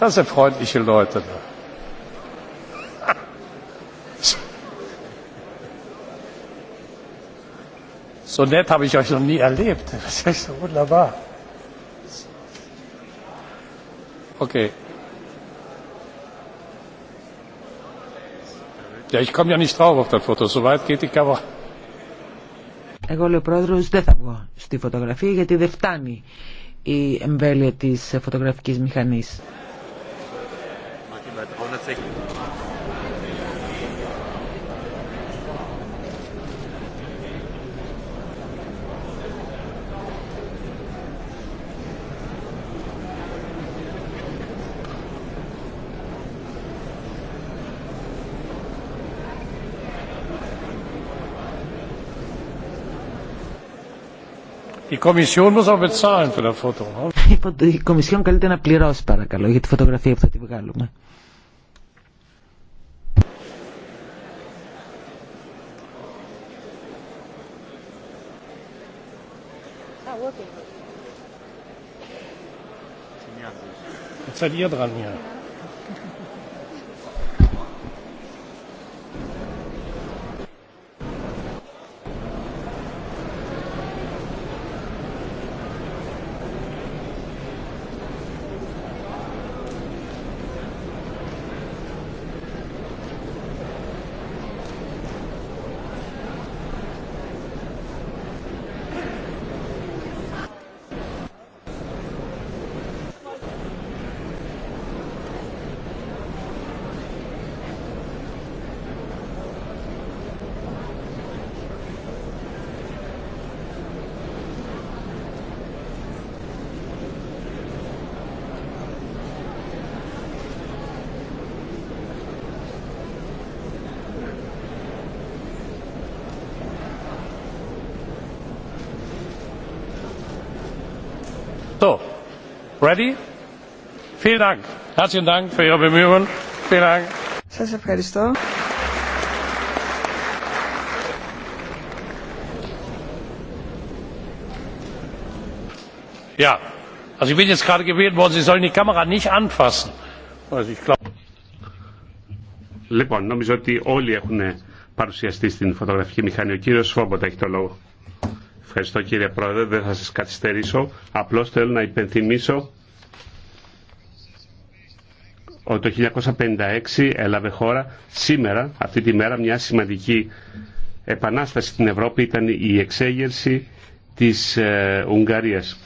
Das sind freundliche Leute. So nett habe ich euch noch nie erlebt. Das ist echt so wunderbar. Okay. Ja, ich komme ja nicht drauf auf das Foto. So weit geht die Kamera. Εγώ λέω πρόεδρο, δεν θα βγω στη φωτογραφία γιατί δεν φτάνει η εμβέλεια τη φωτογραφική μηχανή. Ε. Η Κομισιόν καλείται να πληρώσει παρακαλώ για τη φωτογραφία που θα τη βγάλουμε. not working. ihr dran hier. Ready? ich bin jetzt gerade die Kamera nicht anfassen. Λοιπόν, νομίζω ότι όλοι έχουν παρουσιαστεί στην φωτογραφική μηχανή. Ο κύριος έχει το λόγο. Ευχαριστώ κύριε Πρόεδρε, δεν θα σας καθυστερήσω. Απλώς θέλω να υπενθυμίσω ότι το 1956 έλαβε χώρα σήμερα, αυτή τη μέρα, μια σημαντική επανάσταση στην Ευρώπη ήταν η εξέγερση της ε, Ουγγαρίας.